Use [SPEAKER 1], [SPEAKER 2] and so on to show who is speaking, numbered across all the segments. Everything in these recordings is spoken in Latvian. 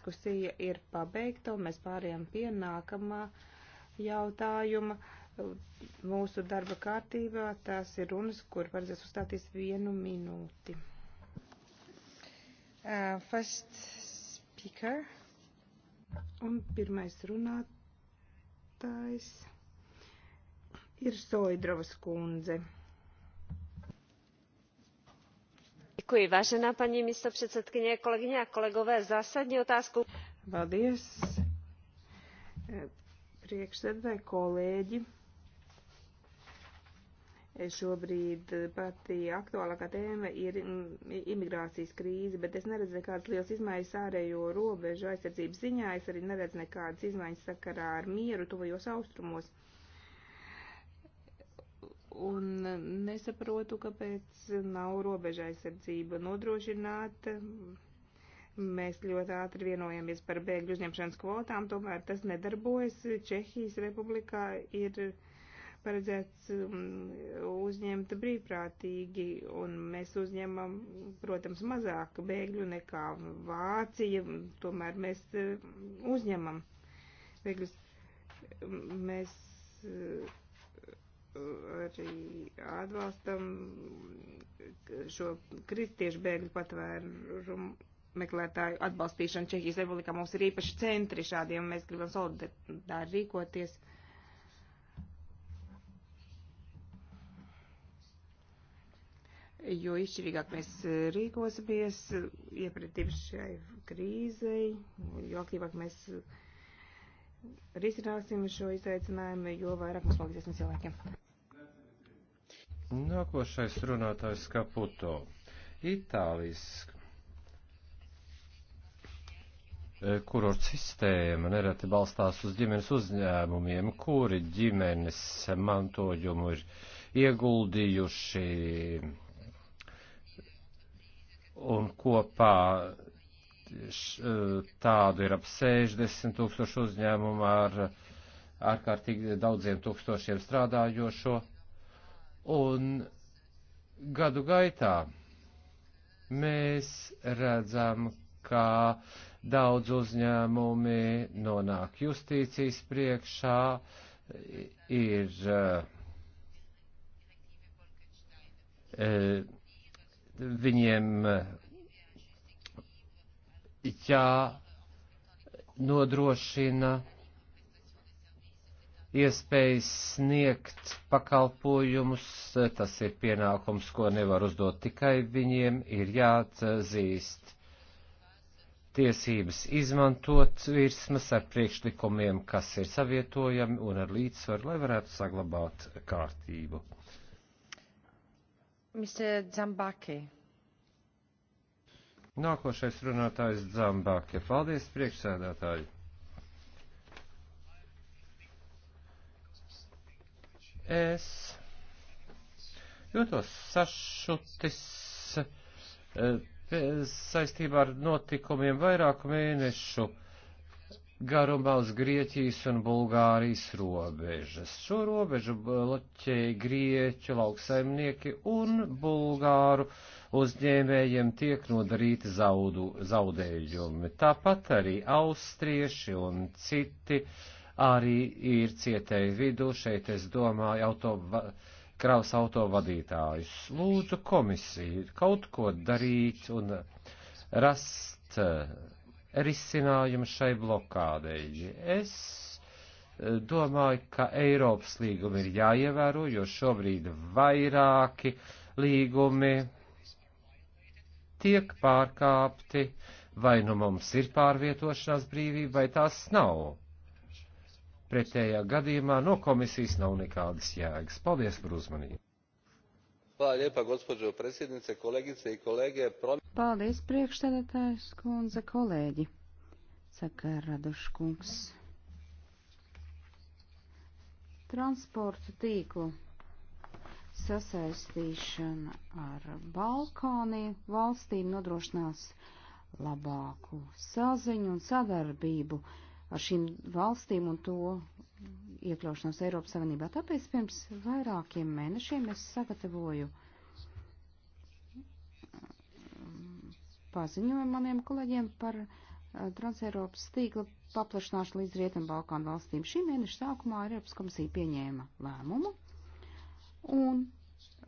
[SPEAKER 1] diskusija ir pabeigta, un mēs pārējām pie nākamā jautājuma mūsu darba kārtībā. Tās ir runas, kur paredzēs uzstāties vienu minūti. Uh, first speaker. Un pirmais runātājs ir Soidrovas kundze.
[SPEAKER 2] vážená paní místopředsedkyně kolegyně a kolegové zásadní otázkou.
[SPEAKER 1] paldies priekšsēdētāji kolēģi šobrīd pati aktuālākā tēma ir imigrācijas krīze, bet es neredzu nekādas liels izmaiņas ārējo robežu aizsardzības ziņā, es arī neredzu nekādas izmaiņas sakarā ar mieru tuvajos austrumos. Uh, un nesaprotu, kāpēc nav robeža aizsardzība nodrošināta. Mēs ļoti ātri vienojamies par bēgļu uzņemšanas kvotām, tomēr tas nedarbojas. Čehijas republikā ir paredzēts um, uzņemt brīvprātīgi, un mēs uzņemam, protams, mazāk bēgļu nekā Vācija, tomēr mēs um, uzņemam bēgļus. Mēs arī atbalstam šo kristiešu bēgļu patvērumu meklētāju atbalstīšanu Čehijas Republikā. Mums ir īpaši centri šādiem, mēs gribam solidāri rīkoties. Jo izšķirīgāk mēs rīkosimies iepratības šai krīzei, jo aktīvāk mēs uh, risināsim šo izaicinājumu, jo vairāk mums palīdzēsim cilvēkiem.
[SPEAKER 3] Nākošais runātājs Kaputo. Itālijas eh, kuror sistēma nereti balstās uz ģimenes uzņēmumiem, kuri ģimenes mantojumu ir ieguldījuši un kopā Eh, tādu ir ap 60 tūkstošu uzņēmumu ar ārkārtīgi daudziem tūkstošiem strādājošo. Un gadu gaitā mēs redzam, ka daudz uzņēmumi nonāk justīcijas priekšā, ir e, viņiem jānodrošina iespējas sniegt pakalpojumus, tas ir pienākums, ko nevar uzdot tikai viņiem, ir jāatzīst tiesības izmantot virsmas ar priekšlikumiem, kas ir savietojami un ar līdzsvaru, lai varētu saglabāt kārtību. Mr. Zambaki. Nākošais runātājs Dzambāke. Paldies, priekšsēdētāji! Es jūtos sašutis eh, saistībā ar notikumiem vairāku mēnešu garumā uz Grieķijas un Bulgārijas robežas. Šo robežu bloķēja Grieķu lauksaimnieki un Bulgāru uzņēmējiem tiek nodarīti zaudu, zaudējumi. Tāpat arī austrieši un citi arī ir cietēji vidū. Šeit es domāju auto, kraus autovadītājus. Lūdzu komisiju kaut ko darīt un rast risinājumu šai blokādei. Es e, domāju, ka Eiropas līgumi ir jāievēro, jo šobrīd vairāki līgumi tiek pārkāpti, vai nu mums ir pārvietošanās brīvība, vai tās nav. Pretējā gadījumā no komisijas nav nekādas jēgas. Paldies par uzmanību! gospođo predsjednice kolegice i kolege
[SPEAKER 2] paldies priekšsēdētājas kundze kolēģi saka radoškungs transporta tīklu sasaistīšana ar Balkāniju valstīm nodrošinās labāku saziņu un sadarbību ar šīm valstīm un to iekļaušanos Eiropas Savienībā. Tāpēc pirms vairākiem mēnešiem es sagatavoju mm, paziņojumu maniem kolēģiem par eh, Transeiropas tīkla paplašināšanu līdz Rietumbalkānu valstīm. Šī mēneša sākumā Eiropas komisija pieņēma lēmumu un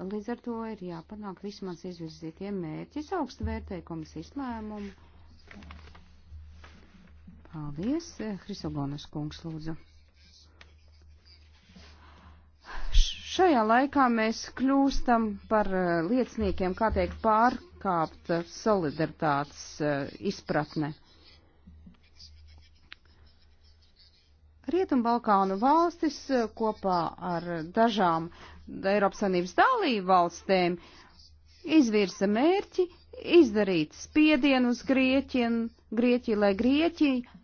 [SPEAKER 2] Līdz ar to ir jāpanāk visi mans izvirzītie mērķi. Es augstu vērtēju komisijas lēmumu Paldies, eh, Hrisogonas kungs, lūdzu. Šajā laikā mēs kļūstam par eh, lieciniekiem, kā teikt, pārkāpt eh, solidaritātes izpratne. Rietumbalkānu valstis kopā ar dažām Eiropas Savienības dalību valstēm izvirza mērķi izdarīt spiedienu uz Grieķiju, Grieķiju lai Grieķija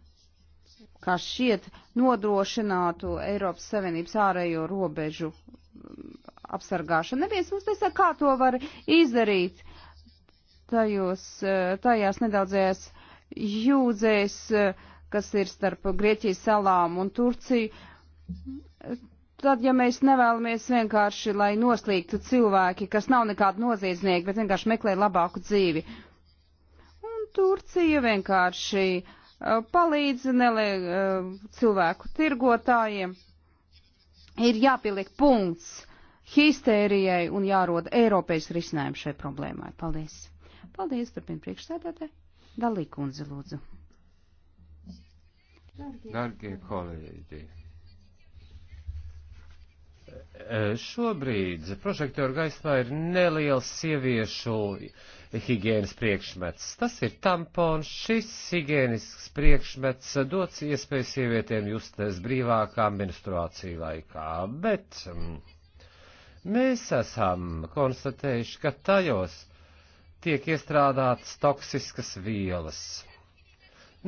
[SPEAKER 2] kas šiet nodrošinātu Eiropas Savienības ārējo robežu mm, apsargāšanu. Neviens mums nesaka, kā to var izdarīt tajos, e, tajās nedaudzējās jūdzēs, e, kas ir starp Grieķijas salām un Turciju. Tad, ja mēs nevēlamies vienkārši, lai noslīgtu cilvēki, kas nav nekādi noziedznieki, bet vienkārši meklē labāku dzīvi. Un Turcija vienkārši uh, Eh, palīdz nelie, eh, cilvēku tirgotājiem. Ir jāpieliek punkts histērijai un jāroda Eiropējas risinājumu šai problēmai. Paldies! Paldies, turpina priekšsēdētē. Dalī kundze, lūdzu.
[SPEAKER 3] Dargie kolēģi! E, šobrīd prožektoru gaismā ir neliels sieviešu higienas priekšmets. Tas ir tampons. Šis higienisks priekšmets dots iespēju sievietēm justies brīvākā menstruāciju laikā, bet mm, mēs esam konstatējuši, ka tajos tiek iestrādātas toksiskas vielas.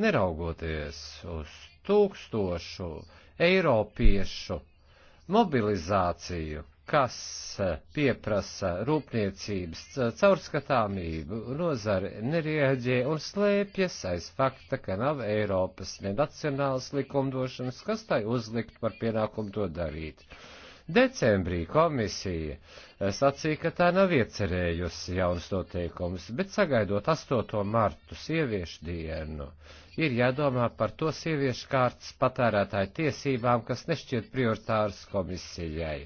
[SPEAKER 3] Neraugoties uz tūkstošu eiropiešu mobilizāciju, kas eh, pieprasa rūpniecības eh, caurskatāmību, nozare nerieģē un slēpjas aiz fakta, ka nav Eiropas ne nacionālas likumdošanas, kas tai uzlikt par pienākumu to darīt. Decembrī komisija eh, sacīja, ka tā nav iecerējusi jaunas noteikumus, bet sagaidot 8. martu sieviešu dienu. Uh, ir jādomā par to sieviešu kārtas patērētāju tiesībām, kas nešķiet prioritāras komisijai.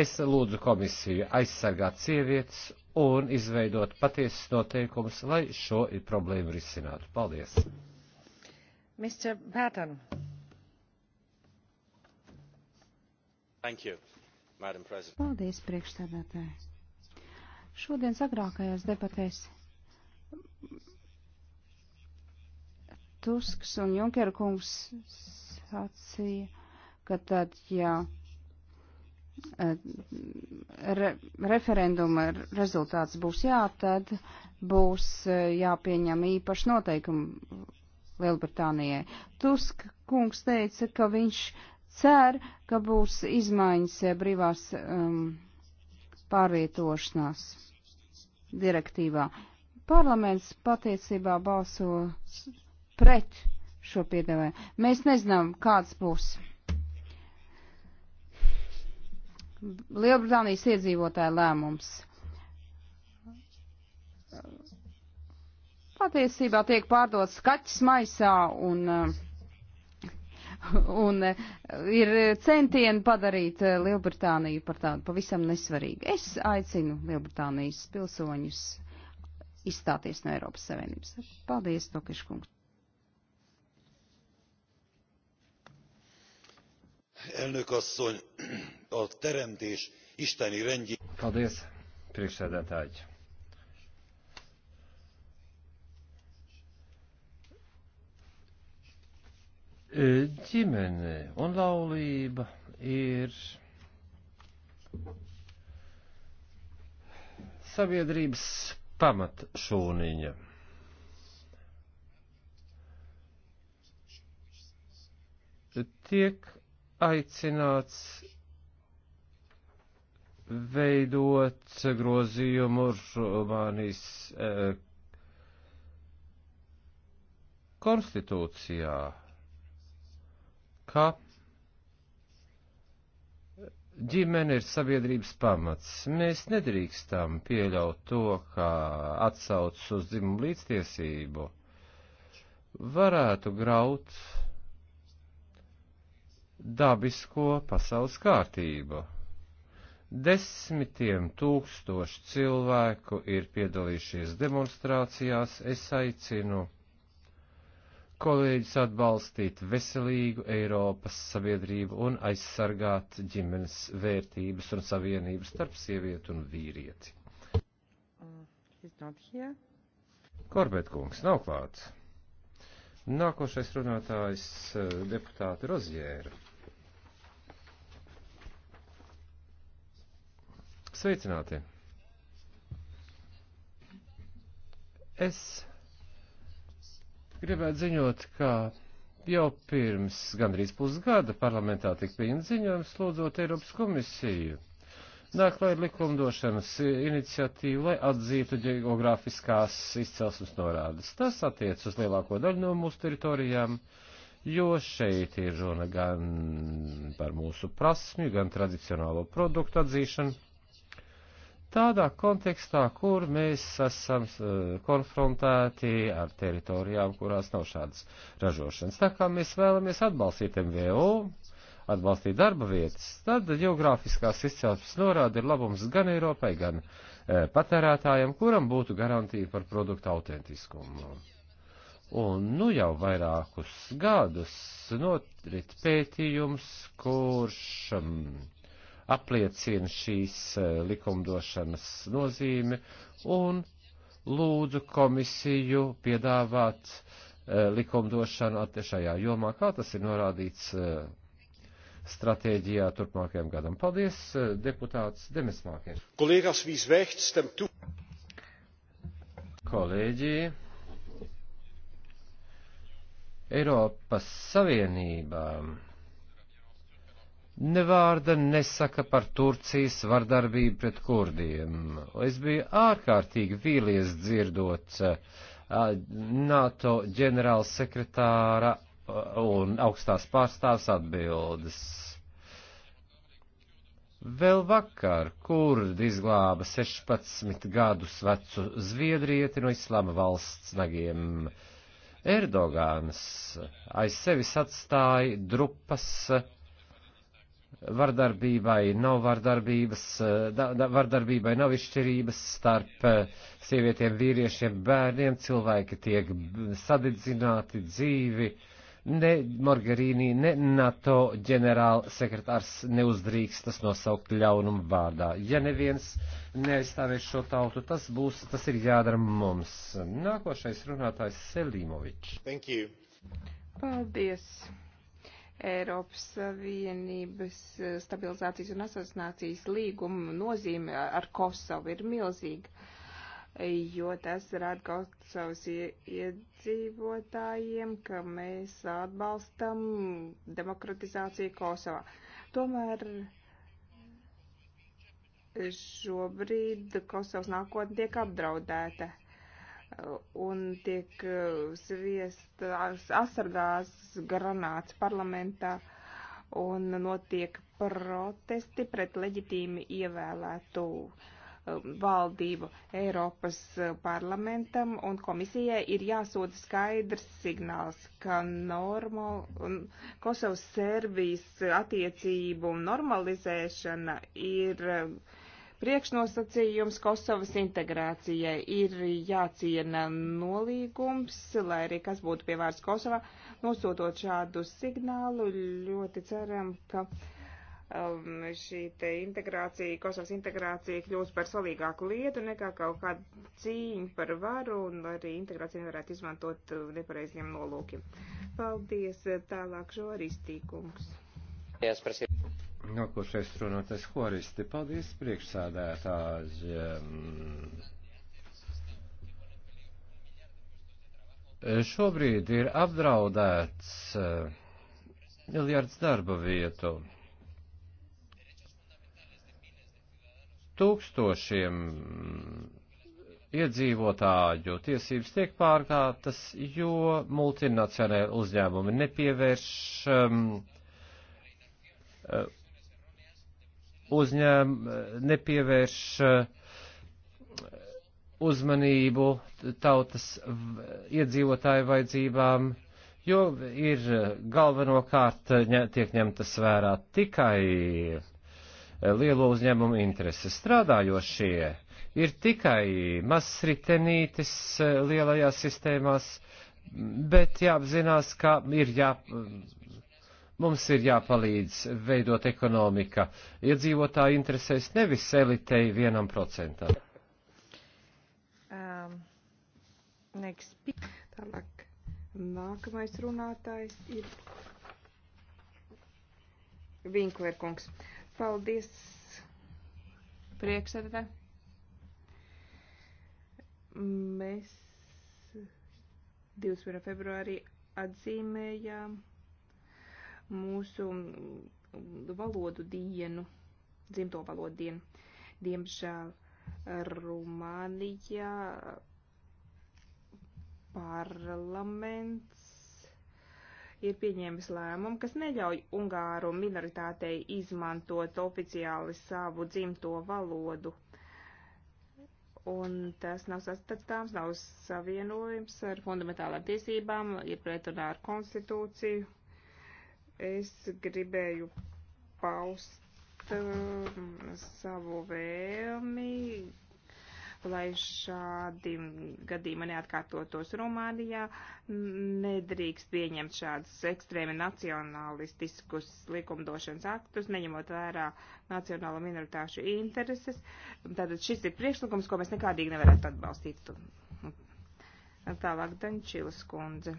[SPEAKER 3] Es lūdzu komisiju aizsargāt sievietes un izveidot patiesas noteikumus, lai šo problēmu risinātu. Paldies!
[SPEAKER 2] Mr. Batten. Thank you, Madam President. Paldies, priekšstādātāji. Šodienas agrākajās debatēs Tusks un Junkera kungs sacīja, ka tad, ja e, re, referenduma rezultāts būs jā, tad būs e, jāpieņem īpaši noteikumi Lielbritānijai. Tusk kungs teica, ka viņš cer, ka būs izmaiņas e, brīvās um, pārvietošanās direktīvā. Parlaments patiesībā balso pret šo piedāvājumu. Mēs nezinām, kāds būs. Lielbritānijas iedzīvotāja lēmums. Patiesībā tiek pārdots kaķis maisā un, un ir centieni padarīt Lielbritāniju par tādu pavisam nesvarīgu. Es aicinu Lielbritānijas pilsoņus izstāties no Eiropas Savienības. Paldies, Tokiškungs.
[SPEAKER 3] elnök asszony a teremtés isteni rendjében. Paldies, priekšsēdētāji. E, ģimene un laulība ir sabiedrības pamatšūniņa. tiek aicināts veidot grozījumu Rumānijas eh, konstitūcijā, ka ģimene ir sabiedrības pamats. Mēs nedrīkstam pieļaut to, kā atsauc uz dzimumu līdztiesību varētu graut dabisko pasaules kārtību. Desmitiem tūkstoši cilvēku ir piedalījušies demonstrācijās, es aicinu kolēģis atbalstīt veselīgu Eiropas sabiedrību un aizsargāt ģimenes vērtības un savienības starp sievieti un vīrieti.
[SPEAKER 1] Uh,
[SPEAKER 3] Korbēt kungs nav klāts. Nākošais runātājs uh, deputāti Rozjēra. Sveicināti! Es gribētu ziņot, ka jau pirms gandrīz pusgada parlamentā tika pieņemts ziņojums lūdzot Eiropas komisiju. Nāk lai likumdošanas iniciatīva, lai atzītu geogrāfiskās izcelsmes norādes. Tas attiec uz lielāko daļu no mūsu teritorijām jo šeit ir runa gan par mūsu prasmju, gan tradicionālo produktu atzīšanu tādā kontekstā, kur mēs esam eh, konfrontēti ar teritorijām, kurās nav šādas ražošanas. Tā kā mēs vēlamies atbalstīt MVU, atbalstīt darba vietas, tad geogrāfiskās izcelsmes norāda ir labums gan Eiropai, gan e, patērētājiem, kuram būtu garantīja par produktu autentiskumu. Un nu jau vairākus gadus norit pētījums, kurš. Um, apliecina šīs eh, likumdošanas nozīmi un lūdzu komisiju piedāvāt eh, likumdošanu šajā jomā, kā tas ir norādīts eh, stratēģijā turpmākajam gadam. Paldies, deputāts Demesmākers. Kolēģis Vīsvēhts, tam tu. Kolēģi, Eiropas Savienībām nevārda nesaka par Turcijas vardarbību pret kurdiem. Es biju ārkārtīgi vīlies dzirdot eh, NATO ģenerāla sekretāra eh, un augstās pārstāvs atbildes. Vēl vakar kurdi izglāba 16 gadus vecu zviedrieti no islama valsts nagiem. Erdogāns aiz sevis atstāja drupas uh, vardarbībai nav vardarbības, eh, da, da, vardarbībai nav izšķirības starp eh, sievietiem, vīriešiem, bērniem, cilvēki tiek sadedzināti dzīvi, ne Morgarīni, ne NATO ģenerālsekretārs neuzdrīkstas nosaukt ļaunumu vārdā. Ja neviens neaizstāvēs šo tautu, tas būs, tas ir jādara mums. Nākošais runātājs Selīmovičs.
[SPEAKER 1] Paldies. Eiropas Savienības eh, stabilizācijas un asociācijas līguma nozīme ar Kosovu ir milzīga, jo tas rāda Kosovas iedzīvotājiem, ka mēs atbalstam demokratizāciju Kosovā. Tomēr šobrīd Kosovas nākotne tiek apdraudēta un tiek e, sviest asargās granāts parlamentā un notiek protesti pret leģitīmi ievēlētu e, valdību Eiropas parlamentam un komisijai ir jāsūta skaidrs signāls, ka normal, Kosovas Serbijas attiecību normalizēšana ir uh, priekšnosacījums Kosovas integrācijai ir jāciena nolīgums, lai arī kas būtu pie vārds Kosovā, nosūtot šādu signālu. Ļoti ceram, ka um, šī te integrācija, Kosovas integrācija kļūs par salīgāku lietu nekā kaut kāda cīņa par varu un arī integrācija nevarētu izmantot uh, nepareiziem nolūkiem. Paldies, uh, tālāk šo arī stīkums. Yes,
[SPEAKER 3] Nākošais runātais horisti. Paldies, priekšsādētāji. Um, šobrīd ir apdraudēts uh, miljards darba vietu. Tūkstošiem iedzīvotāju tiesības tiek pārkāptas, jo multinacionāli uzņēmumi nepievērš um, uh, uzņēm, nepievērš uh, uzmanību tautas iedzīvotāju vajadzībām, jo ir uh, galvenokārt uh, tiek ņemtas vērā tikai lielo uzņēmumu intereses strādājošie, ir tikai mazs ritenītis lielajās sistēmās, bet jāapzinās, ka ir jā, Mums ir jāpalīdz veidot ekonomika iedzīvotāju interesēs, nevis elitei vienam procentam.
[SPEAKER 1] Um, next. Tālāk. Nākamais runātājs ir Vinklerkungs. Paldies, priekšsēdētā. Mēs 2. februārī atzīmējām mūsu valodu dienu, dzimto valodu dienu. Diemžēl Rumānijā parlaments ir pieņēmis lēmumu, kas neļauj ungāru minoritātei izmantot oficiāli savu dzimto valodu. Un tas nav sastatāms, nav savienojums ar fundamentālām tiesībām, ir pretrunā ar konstitūciju es gribēju paust uh, savu vēlmi, lai šādi gadījumi neatkārtotos Rumānijā. Nedrīkst pieņemt šādus ekstrēmi nacionalistiskus likumdošanas aktus, neņemot vērā nacionālo minoritāšu intereses. Tātad šis ir priekšlikums, ko mēs nekādīgi nevarētu atbalstīt. Tālāk Dančilas kundze.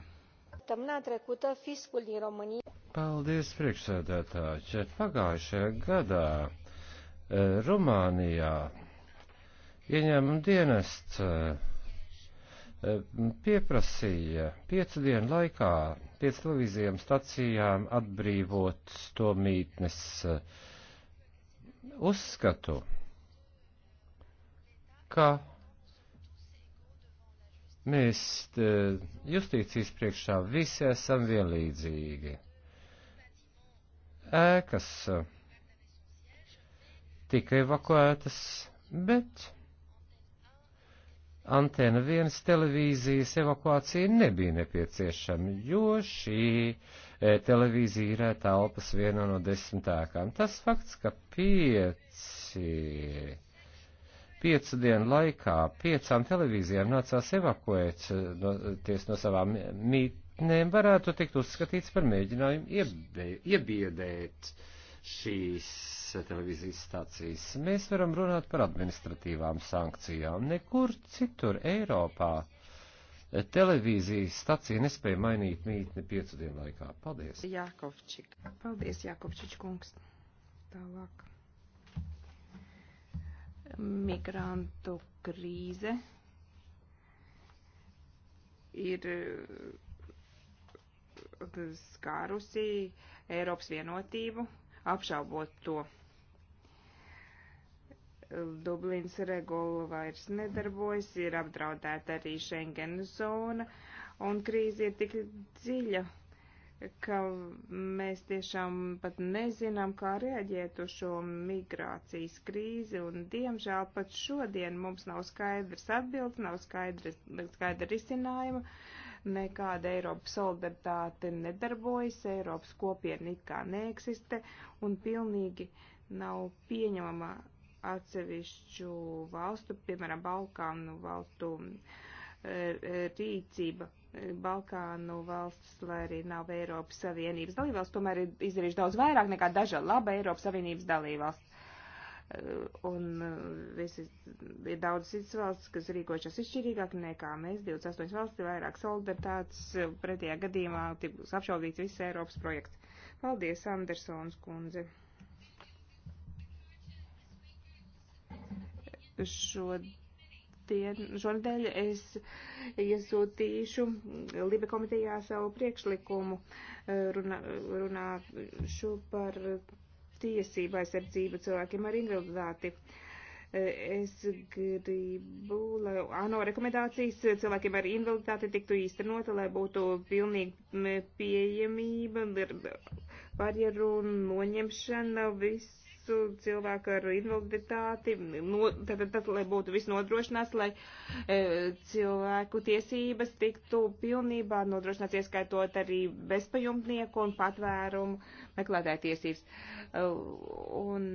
[SPEAKER 1] Săptămâna trecută, fiscul din România
[SPEAKER 3] Paldies, priekšsēdētāji. Pagājušajā gadā eh, Rumānijā ieņēmuma dienests eh, pieprasīja piecu dienu laikā pēc televīzijām stacijām atbrīvot to mītnes eh, uzskatu, ka mēs justīcijas priekšā visi esam vienlīdzīgi ēkas eh, tika evakuētas, bet Antena 1 televīzijas evakuācija nebija nepieciešama, jo šī eh, televīzija ir telpas viena no desmit ēkām. Tas fakts, ka pieci piecu dienu laikā piecām televīzijām nācās evakuēties no, no savām mīt, varētu tikt uzskatīts par mēģinājumu iebiedēt šīs televīzijas stācijas. Mēs varam runāt par administratīvām sankcijām. Nekur citur Eiropā televīzijas stacija nespēja mainīt mītni piecu dienu
[SPEAKER 1] laikā. Paldies. Jākovčik. Paldies, Jākovčič kungs. Tālāk. Migrantu krīze ir skārusi Eiropas vienotību, apšaubot to. Dublīnas regula vairs nedarbojas, ir apdraudēta arī Schengen zona, un krīze ir tik dziļa, ka mēs tiešām pat nezinām, kā reaģēt uz šo migrācijas krīzi, un diemžēl pat šodien mums nav skaidrs atbildes, nav skaidrs, skaidra risinājuma. Uh, nekāda Eiropas solidaritāte nedarbojas, Eiropas kopiena it kā neeksistē un pilnīgi nav pieņemama atsevišķu valstu, piemēram, Balkānu valstu eh, eh, rīcība. Balkānu valsts, lai arī nav Eiropas Savienības dalībvalsts, tomēr ir izdarījuši daudz vairāk nekā daža laba Eiropas Savienības dalībvalsts. Eh, un eh, visi, ir daudz citas valsts, kas rīkošas izšķirīgāk nekā mēs, 28 valsts ir vairāk solidaritātes, eh, pretējā gadījumā būs apšaubīts viss Eiropas projekts. Paldies, Andersons kundze. Šodien, šonadēļ es iesūtīšu Libe komitejā savu priekšlikumu, runā, runāšu par tiesība aizsardzība cilvēkiem ar invaliditāti. Es gribu, lai ANO rekomendācijas cilvēkiem ar invaliditāti tiktu īstenota, lai būtu pilnīga pieejamība, barjeru noņemšana, viss cilvēku ar invaliditāti, no, tad, tad, lai būtu viss nodrošināts, lai e, cilvēku tiesības tiktu pilnībā nodrošināts, ieskaitot arī bezpajumtnieku un patvērumu meklētāju tiesības. E, un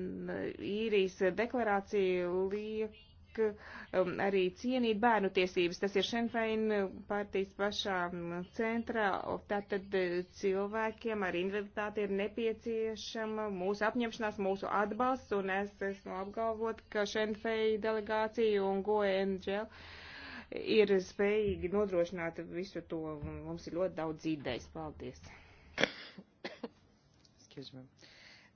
[SPEAKER 1] īrijas deklarācija liek Um, arī cienīt bērnu tiesības. Tas ir Šenfein partijas pašā um, centrā. Tātad uh, cilvēkiem ar invaliditāti ir nepieciešama mūsu apņemšanās, mūsu atbalsts, un es esmu apgalvot, ka Šenfein delegācija un GoNGL ir spējīgi nodrošināt visu to. Mums ir ļoti daudz idejas. Paldies! Excuse me.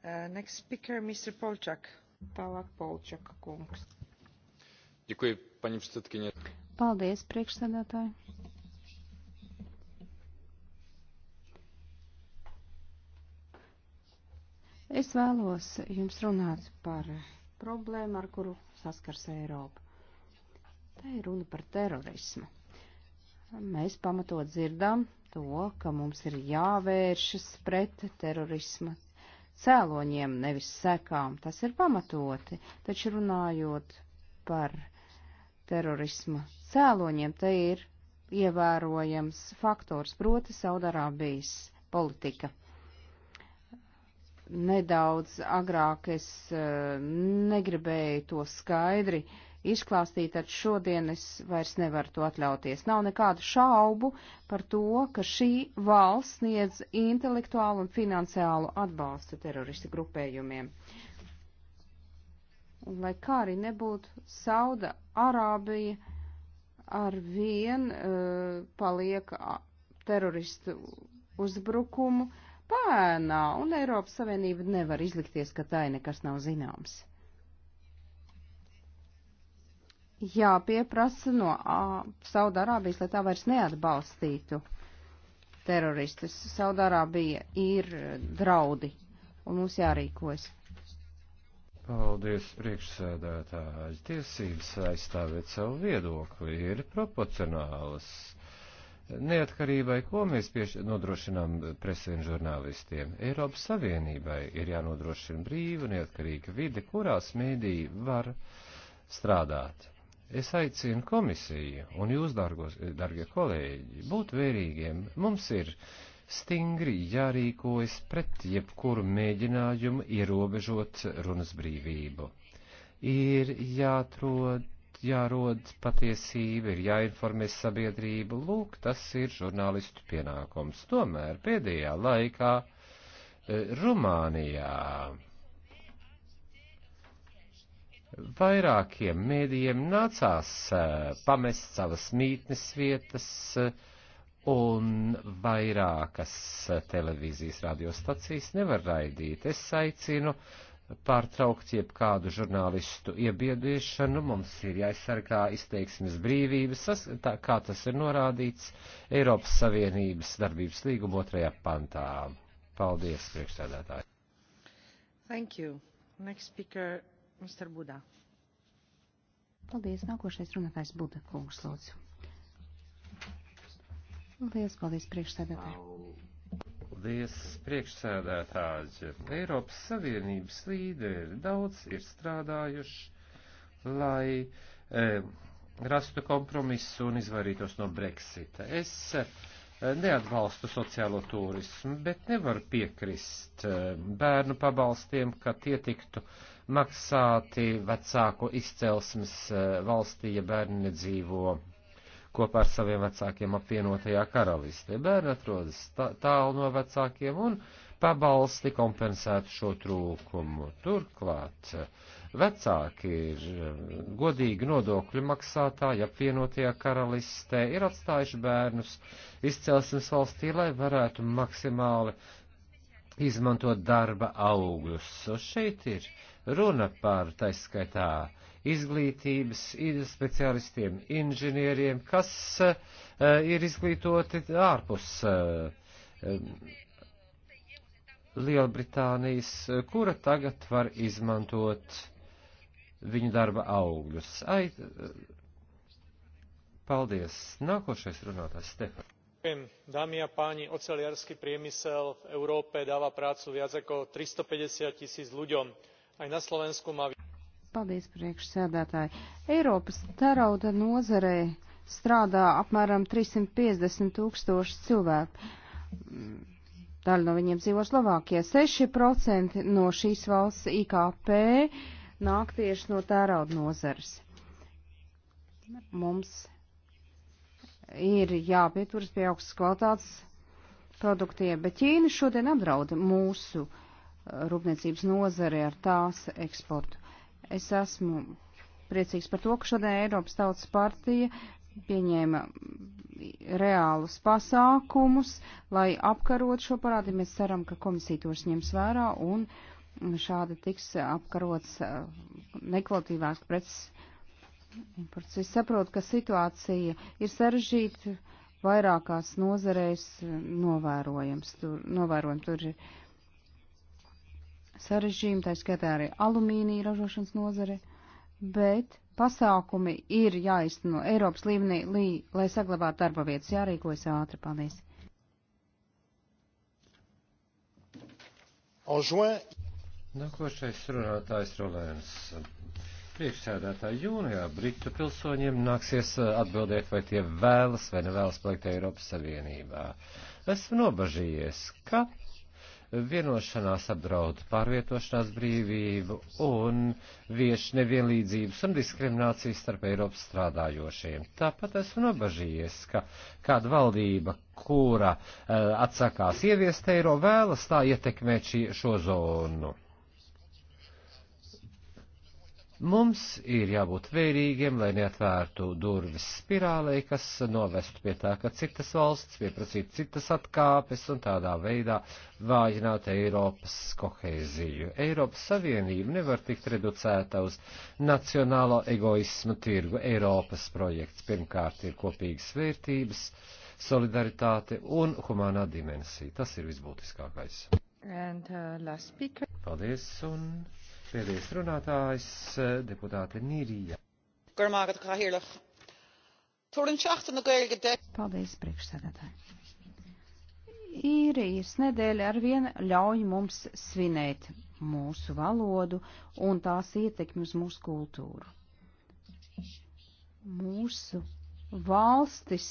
[SPEAKER 1] Uh, next speaker, Mr. Polchak. Tālāk Polčaka kungs.
[SPEAKER 2] Ďakujem, pani predsedkynie. Paldies, priekšsēdētāji. Es vēlos jums runāt par problēmu, ar kuru saskars Eiropa. Tā ir runa par terorismu. Mēs pamatot dzirdam to, ka mums ir jāvēršas pret terorisma cēloņiem, nevis sekām. Tas ir pamatoti, taču runājot par terorisma cēloņiem, te ir ievērojams faktors, proti Saudarābijas politika. Nedaudz agrāk es eh, negribēju to skaidri izklāstīt, tad šodien es vairs nevaru to atļauties. Nav nekādu šaubu par to, ka šī valsts sniedz intelektuālu un finansiālu atbalstu teroristu grupējumiem. Un, lai kā arī nebūtu, Sauda Arābija ar vien uh, paliek teroristu uzbrukumu pēnā, un Eiropas Savienība nevar izlikties, ka tai nekas nav zināms. Jāpieprasa no uh, Saudārābijas, lai tā vairs neatbalstītu teroristus. Saudārābija ir eh, draudi, un mums jārīkojas.
[SPEAKER 3] Paldies, priekšsēdētāji. Tiesības aizstāvēt savu viedokli ir proporcionālas. Neatkarībai, ko mēs pieš... nodrošinām presē un žurnālistiem, Eiropas Savienībai ir jānodrošina brīva, neatkarīga vide, kurās mēdī var strādāt. Es aicinu komisiju un jūs, dargos, dargie kolēģi, būt vērīgiem. Mums ir stingri jārīkojas pret jebkuru mēģinājumu ierobežot runas brīvību. Ir jāatrod, jārod patiesība, ir jāinformē sabiedrību, lūk, tas ir žurnālistu pienākums. Tomēr pēdējā laikā eh, Rumānijā vairākiem mēdījiem nācās eh, pamest savas mītnes vietas, uh, un vairākas televīzijas radiostacijas nevar raidīt. Es aicinu pārtraukt jebkādu žurnālistu iebiedviešanu, mums ir jāaizsargā izteiksmes brīvības, tas, tā, kā tas ir norādīts Eiropas Savienības darbības līguma otrajā pantā. Paldies, priekšsēdētāji.
[SPEAKER 1] Thank you. Next speaker, Mr. Buda.
[SPEAKER 2] Paldies. Nākošais runātājs Buda kungs, lūdzu. Lielas paldies priekšsēdētāji.
[SPEAKER 3] Paldies priekšsēdētāji. Eiropas Savienības līderi daudz ir strādājuši, lai e, rastu kompromisu un izvairītos no Brexita. Es e, neatbalstu sociālo turismu, bet nevaru piekrist e, bērnu pabalstiem, ka tie tiktu maksāti vecāku izcelsmes e, valstī, ja bērni nedzīvo kopā ar saviem vecākiem apvienotajā karalistē. Bērni atrodas tālu no vecākiem un pabalsti kompensētu šo trūkumu. Turklāt vecāki ir eh, godīgi nodokļu maksātāji apvienotajā karalistē, ir atstājuši bērnus izcelsmes valstī, lai varētu maksimāli izmantot darba augļus. So šeit ir runa par taiskaitā izglītības speciālistiem, inženieriem, kas uh, ir izglītoti ārpus uh, Lielbritānijas, kura tagad var izmantot viņu darba augļus. Ai, paldies. Nākošais runātājs Stefan dámy a páni oceliarsky priemysel v európe dáva prácu viac ako tristopäťdesiattisíc ľuďom. aj na slovensku
[SPEAKER 2] má. paldies priekšsēdētāji eiropas tērauda nozarē strādā apmēram 350 tūkstoši cilvēku. Daļa no viņiem dzīvo Slovākijā. 6% no šīs valsts IKP nāk tieši no tērauda nozares. Mums ir jāpieturas pie augstas kvalitātes produktiem, bet Ķīna šodien apdraud mūsu eh, rūpniecības nozari ar tās eksportu. Es esmu priecīgs par to, ka šodien Eiropas Tautas partija pieņēma reālus pasākumus, lai apkarot šo parādu. Mēs ceram, ka komisija tos ņems vērā un šādi tiks apkarots eh, nekvalitīvās preces imports. Es saprotu, ka situācija ir sarežģīta vairākās nozarēs eh, novērojams. Tur, novērojam, tur ir sarežģījumi, tā skatā arī alumīnija ražošanas nozare, bet pasākumi ir jāizteno Eiropas līmenī, lī, lai saglabātu darba vietas, jārīkojas ātri. Paldies!
[SPEAKER 3] Nākošais runātājs Rolēns. Priekšsēdētāji jūnijā Britu pilsoņiem nāksies eh, atbildēt, vai tie vēlas vai nevēlas palikt Eiropas Savienībā. Esmu nobažījies, ka vienošanās apdraud pārvietošanās brīvību un vieš nevienlīdzības un diskriminācijas starp Eiropas strādājošiem. Tāpat esmu nobažījies, ka kāda valdība, kura uh, atsakās ieviest eiro, vēlas tā ietekmēt šī, šo zonu. Mums ir jābūt vērīgiem, lai neatvērtu durvis spirālē, kas novestu pie tā, ka citas valsts pieprasītu citas atkāpes un tādā veidā vājinātu Eiropas kohēziju. Eiropas Savienība nevar tikt reducēta uz nacionālo egoismu tirgu. Eiropas projekts pirmkārt ir kopīgas vērtības, solidaritāte un humanā dimensija. Tas ir visbūtiskākais.
[SPEAKER 1] And, uh,
[SPEAKER 3] Paldies, un pēdējais runātājs eh, deputāte Nīrija.
[SPEAKER 2] Paldies, priekšsēdētāji. Īrijas nedēļa ar vienu ļauj mums svinēt mūsu valodu un tās ietekmi uz mūsu kultūru. Mūsu valstis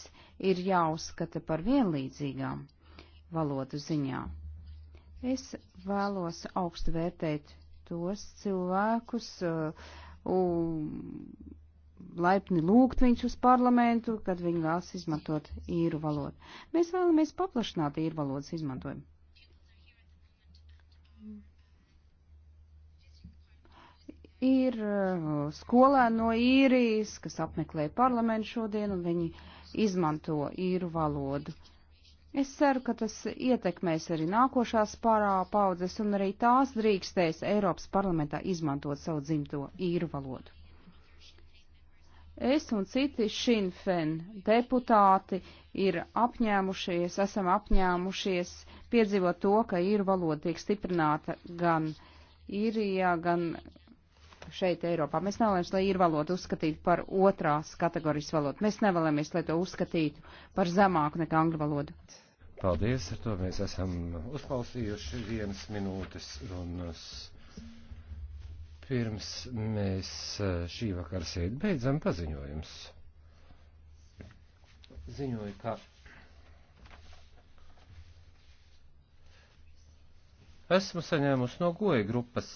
[SPEAKER 2] ir jāuzskata par vienlīdzīgām valodu ziņām Es vēlos augstu vērtēt tos cilvēkus, uh, laipni lūgt viņus uz parlamentu, kad viņi vēlas izmantot īru valodu. Mēs vēlamies paplašināt īru valodas izmantojumu. Ir uh, skolēni no īrijas, kas apmeklē parlamentu šodien, un viņi izmanto īru valodu. Uh, Es ceru, ka tas ietekmēs arī nākošās pārā paudzes un arī tās drīkstēs Eiropas parlamentā izmantot savu dzimto īru valodu. Es un citi Šinfen deputāti ir apņēmušies, esam apņēmušies piedzīvot to, ka īru valoda tiek stiprināta gan īrijā, gan šeit Eiropā. Mēs nevēlamies, lai īru valodu uzskatītu par otrās kategorijas valodu. Mēs nevēlamies, lai to uzskatītu par zemāku nekā angļu valodu.
[SPEAKER 3] Paldies, ar to mēs esam uzklausījuši vienas minūtes runas. Pirms mēs eh, šī vakara sēdi beidzam paziņojums. Ziņoju, ka esmu saņēmusi no goja grupas